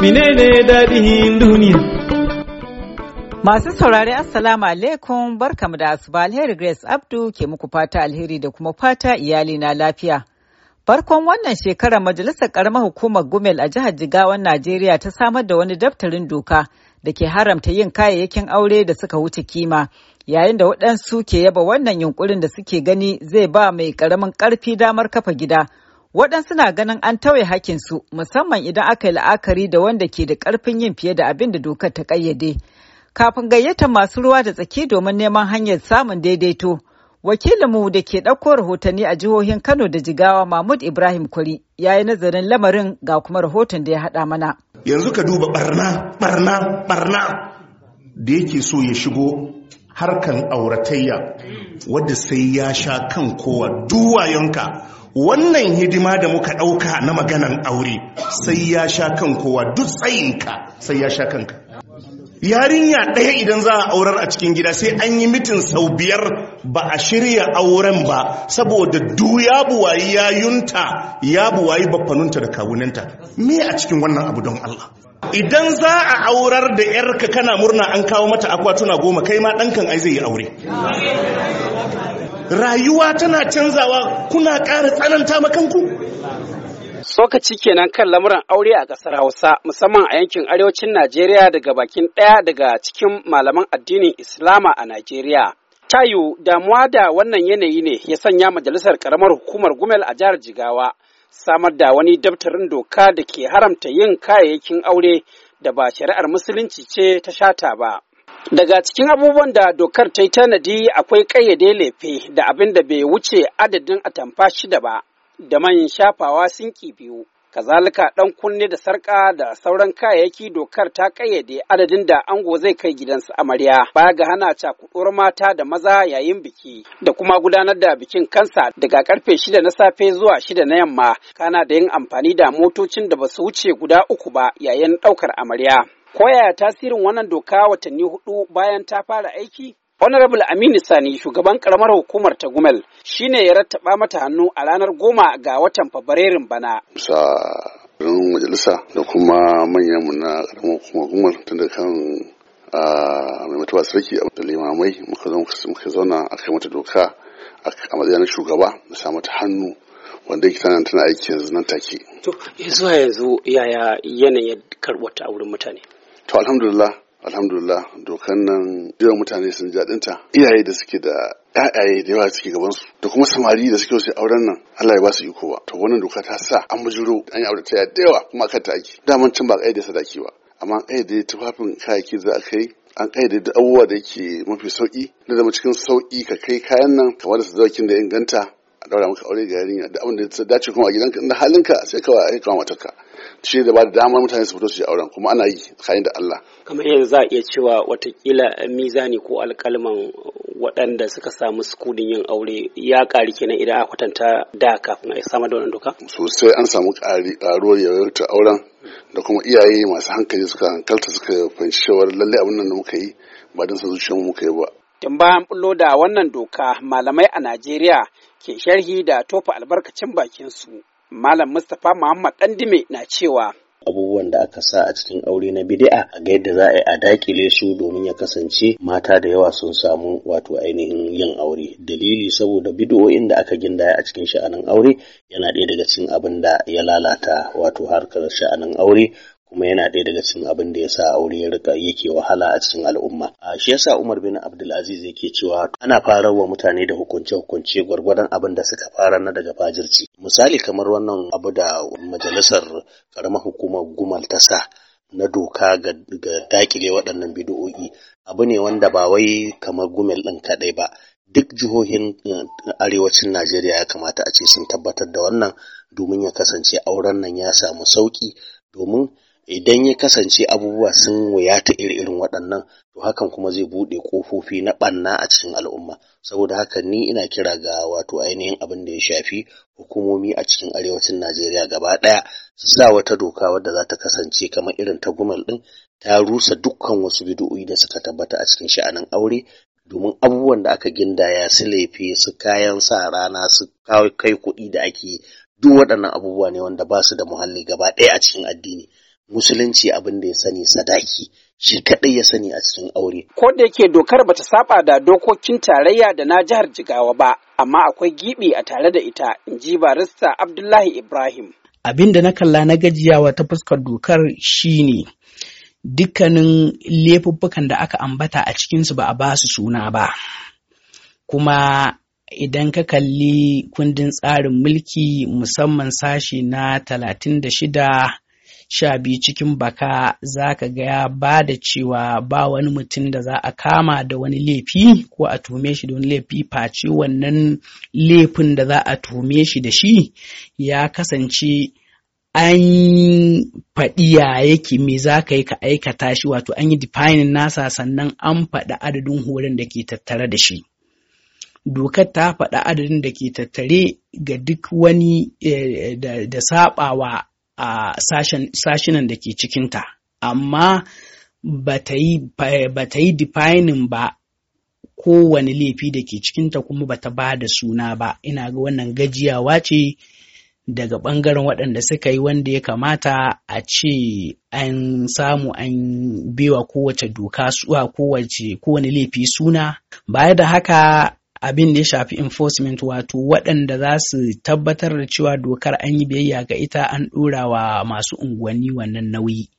menene daɗin duniya. Masu saurari Assalamu alaikum barkamu da asuba alheri Grace Abdu ke muku fata alheri da kuma fata iyali na lafiya. Farkon wannan shekarar Majalisar ƙaramar Hukumar Gumel a jihar Jigawan Najeriya ta samar da wani daftarin doka da ke haramta yin kayayyakin aure da suka wuce kima yayin da waɗansu ke yaba wannan yunkurin da suke gani zai ba mai ƙaramin ƙarfi damar kafa gida waɗansu na ganin an tauye hakinsu musamman idan aka yi la'akari da wanda ke da ƙarfin yin fiye da abin da dokar ta ƙayyade. Kafin gayyata masu ruwa da tsaki domin neman hanyar samun daidaito, wakilinmu da ke ɗauko rahotanni a jihohin Kano da Jigawa Mahmud Ibrahim Kuri ya yi nazarin lamarin ga kuma rahoton da ya haɗa mana. Yanzu ka duba barna, barna, barna da yake so ya shigo harkan auratayya wadda sai ya sha kan kowa duwayonka wannan hidima da muka ɗauka na maganan aure sai ya sha kan kowa duk tsayinka sai ya sha kanka yarinya ɗaya idan za a aurar a cikin gida sai an yi mitin sau biyar ba a shirya auren ba saboda du ya buwayi yunta, ya buwayi baffanunta da kawunanta me a cikin wannan abu don Allah idan za a aurar da yarka kana murna an kawo mata akwatuna goma kai ma ɗankan ai zai yi aure rayuwa tana canzawa kuna ƙara tsananta makanku sokaci kenan kan lamuran aure a ƙasar Hausa musamman a yankin arewacin Najeriya daga bakin ɗaya daga cikin malaman addinin Islama a Najeriya. Tayu damuwa da wannan yanayi ne ya sanya majalisar ƙaramar hukumar Gumel a jihar Jigawa samar da wani daftarin doka da ke haramta yin kayayyakin aure da ba shari'ar musulunci ce ta shata ba. Daga cikin abubuwan da dokar ta yi tanadi akwai ƙayyade laifi da abin da bai wuce adadin atamfa shida ba da manyan shafawa sinki biyu. Kazalika ɗan kunne da sarƙa da sauran kayayyaki dokar ta ƙayyade adadin da ango zai kai gidansu amarya baya ga hana cakuɗuwar mata da maza yayin biki da kuma gudanar da bikin kansa daga karfe shida na safe zuwa shida na yamma kana da yin amfani da motocin da ba su wuce guda uku ba yayin ɗaukar amarya. Koya tasirin wannan doka watanni hudu bayan ta fara aiki? Honorable Aminu Sani shugaban karamar hukumar ta Gumel ne ya rattaba mata hannu a ranar goma ga watan Fabrairun bana. Sa ran majalisa da kuma manyan mu na karamar hukumar Gumel tun da kan mai mutuwa sarki a da limamai muka zauna a kai mata doka a matsayin shugaba da sa mata hannu wanda yake tana tana aiki yanzu nan take. To zuwa yanzu yaya yanayin karɓar ta a wurin mutane? to alhamdulillah alhamdulillah dokan nan yawan mutane sun ji iyaye da suke da ƴaƴaye da yawa suke gaban su da kuma samari da suke wasu auren nan Allah ya ba su iko ba to wannan doka ta sa an bujuro an yi aure da yawa kuma kan ta ake daman can ba da sadaki ba amma da tufafin kayayyaki za a kai an kayyade da abubuwa da yake mafi sauƙi. Na zama cikin sauƙi ka kai kayan nan kamar da sadakin da inganta a daura maka aure ga yarinya da abin da ya dace kuma a gidanka da halinka sai ka wa aika matarka shi da ba da damar mutane su fito su yi auren kuma ana yi kayan da Allah kamar yanzu za a iya cewa watakila mizani ko alkalman waɗanda suka samu sukudin yin aure ya ƙari kenan idan aka kwatanta da kafin a samar da wannan doka sosai an samu ƙaruwar yawaitar auren da kuma iyaye masu hankali suka hankalta suka fahimci cewa lallai abin nan da muka yi ba don sa zuciyar muka yi ba tun bayan bullo da wannan doka malamai a najeriya ke sharhi da tofa albarkacin bakin su Malam Mustapha Muhammad Dandime na cewa abubuwan da aka sa a cikin aure na bidi'a, a ga yadda za a yi a dakile su domin ya kasance mata da yawa sun samu wato ainihin yin aure dalili saboda bid'o'in da aka gindaya a cikin sha'anin aure yana ɗaya daga cikin abin da ya lalata wato harkar sha'anin aure kuma yana ɗaya daga cikin abin da ya sa aure ya rika yake wahala a cikin al'umma a shi yasa Umar bin Abdul Aziz yake cewa ana fara wa mutane da hukunce hukunce gwargwadon abin da suka fara na daga fajirci misali kamar wannan abu da majalisar karamar hukumar Gumal ta sa na doka ga dakile waɗannan bidiyo'i abu ne wanda ba wai kamar gumel ɗin kaɗai ba duk jihohin eh, arewacin najeriya ya kamata a ce sun tabbatar da wannan domin ya kasance auren nan ya samu sauƙi domin idan ya kasance abubuwa sun wayata irin waɗannan to hakan kuma zai buɗe ƙofofi na ɓanna a cikin al'umma saboda haka ni ina kira ga wato ainihin abin da ya shafi hukumomi a cikin arewacin najeriya gaba ɗaya su sa wata doka wadda za ta kasance kamar irin ta gumal ɗin ta rusa dukkan wasu bidiyo'i da suka tabbata a cikin sha'anin aure domin abubuwan da aka gindaya su laifi su kayan sa rana su kai kuɗi da ake duk waɗannan abubuwa ne wanda ba su da muhalli gaba ɗaya a cikin addini musulunci abin da ya sani sadaki shi kadai ya sani a cikin aure. Ko da yake dokar bata saba da dokokin tarayya da na jihar Jigawa ba, amma akwai gibi a tare da ita, in ji barista Abdullahi Ibrahim. Abin da na kalla na gajiyawa ta fuskar dokar shi ne, dukkanin laifuffukan da aka ambata a cikinsu ba a ba su suna ba. Kuma idan ka kalli kundin tsarin mulki musamman sashi na talatin da shida sha biyu cikin baka za ka ga ba da cewa ba wani mutum da za a kama da wani laifi ko a tume shi da wani laifi face wannan laifin da za a tume shi da shi ya kasance an faɗi ya yake me za ka yi ka aikata shi wato an yi defining nasa sannan an faɗi adadin horon da ke tattare da shi. dokar ta faɗi adadin da ke tattare ga duk wani eh, da saɓawa a sashinan da ke cikinta amma ba ta yi defining ba kowane laifi da ke cikinta kuma ba ta ba da suna ba ina ga wannan gajiyawa ce daga ɓangaren waɗanda suka yi wanda ya kamata a ce an samu an bewa kowace doka suwa kowace kowane laifi suna baya da haka abin da ya shafi enforcement wato waɗanda za su tabbatar da cewa dokar an yi biyayya ga ita an ɗora wa masu unguwanni wannan nauyi.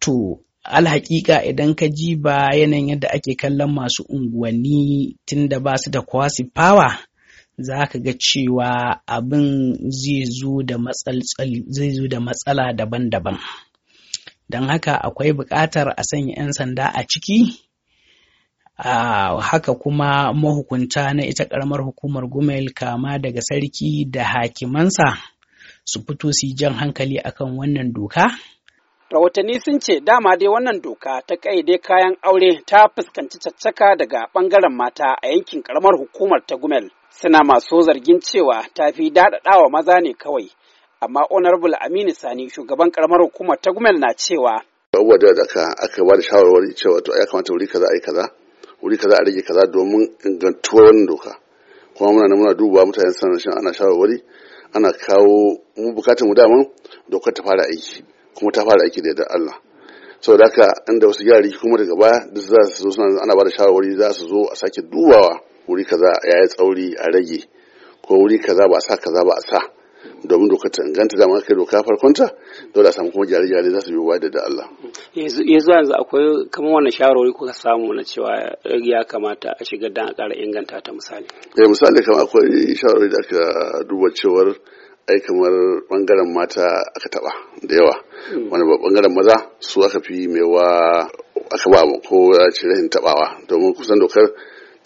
To, alhaƙiƙa idan ka ji ba yanayin yadda ake kallon masu unguwanni tun da ba su da kwasi fawa za ka ga cewa abin zai zo da matsala daban-daban. Don haka akwai buƙatar a sanya 'yan sanda a ciki. haka kuma mahukunta na ita karamar hukumar gumel kama daga sarki da hakimansa su fito su jan hankali akan wannan doka rahotanni sun ce dama dai wannan doka ta ƙaide kayan aure ta fuskanci caccaka daga ɓangaren mata a yankin karamar hukumar ta gumel suna masu zargin cewa ta fi daɗaɗawa maza ne kawai amma honorable aminu sani shugaban karamar hukumar ta gumel na cewa abubuwa da aka aka ba da shawarwari cewa to ya kamata wuri kaza a yi kaza wuri kaza a rage kaza domin ingantuwar wannan doka kuma muna muna duba mutane sanar shi ana shawarwari ana kawo mu bukatun mu daman dokar ta fara aiki kuma ta fara aiki da yadda Allah saboda haka inda wasu yari kuma daga baya duk za su zo suna ana ba da shawarwari za su zo a sake dubawa wuri kaza ya yi tsauri a rage ko wuri kaza ba sa kaza ba a sa domin doka ta inganta da aka doka farkonta dole a samu kuma gyare-gyare za su yi da da Allah. yanzu yanzu akwai kamar wannan shawarwari kuka samu na cewa ya kamata a shiga dan a ƙara inganta ta misali. eh misali kamar akwai shawarwari da aka duba cewar ai kamar bangaren mata aka taba da yawa hmm. wani bangaren maza su aka fi mewa aka ba ko cire tabawa domin kusan dokar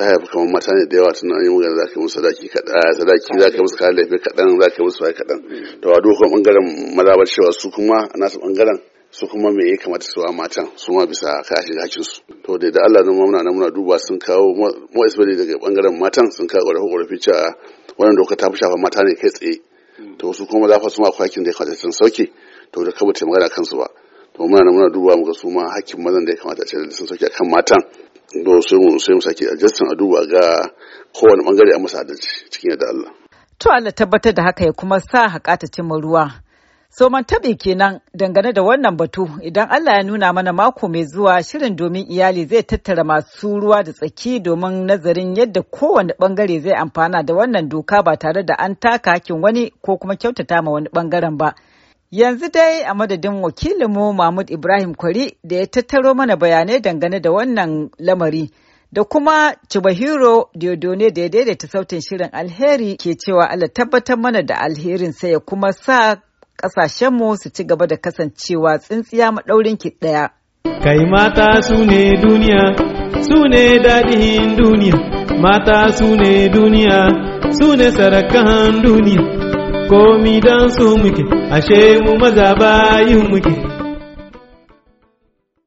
ta haifi kamar mata ne da yawa tana yin magana za ka musu sadaki kaɗan sadaki za ka musu kayan laifi kaɗan za ka musu kayan kaɗan to a dukkan ɓangaren maza cewa su kuma a nasu ɓangaren su kuma me ya kamata su a matan su ma bisa kashin hakin su to da da Allah nuna muna muna duba sun kawo mu isbali daga ɓangaren matan sun kawo ƙorafi ƙorafi cewa wannan doka ta fi shafa mata ne kai tsaye to su kuma za su ma akwai hakkin da ya kamata sun sauke to da kaba ta magana kansu ba to muna muna duba mu ga su ma hakkin mazan da ya kamata a ce sun sauke kan matan do sai mu sake adjustin a duba ga kowane bangare a masa adalci cikin yadda Allah. To Allah tabbatar da haka ya kuma sa haƙa ta cimma ruwa. Soman taɓe kenan dangane da wannan batu idan Allah ya nuna mana mako mai zuwa shirin domin iyali zai tattara masu ruwa da tsaki domin nazarin yadda kowane bangare zai amfana da wannan doka ba tare da an taka hakin wani ko kuma kyautata ma wani bangaren ba. Yanzu dai a madadin wakilinmu Mahmud Ibrahim Kwari da ya tattaro mana bayanai dangane da wannan lamari da kuma Chubahiro Diodone da ya daidaita sautin shirin alheri ke cewa Allah tabbatar mana da alherin sai ya kuma sa ƙasashenmu su ci gaba da kasancewa tsintsiya maɗaurin ki ɗaya. Kai mata su ne duniya, su ne daɗin duniya, mata su ne duniya, su ne sarakan duniya. komi dan su muke ashe mu maza bayin muke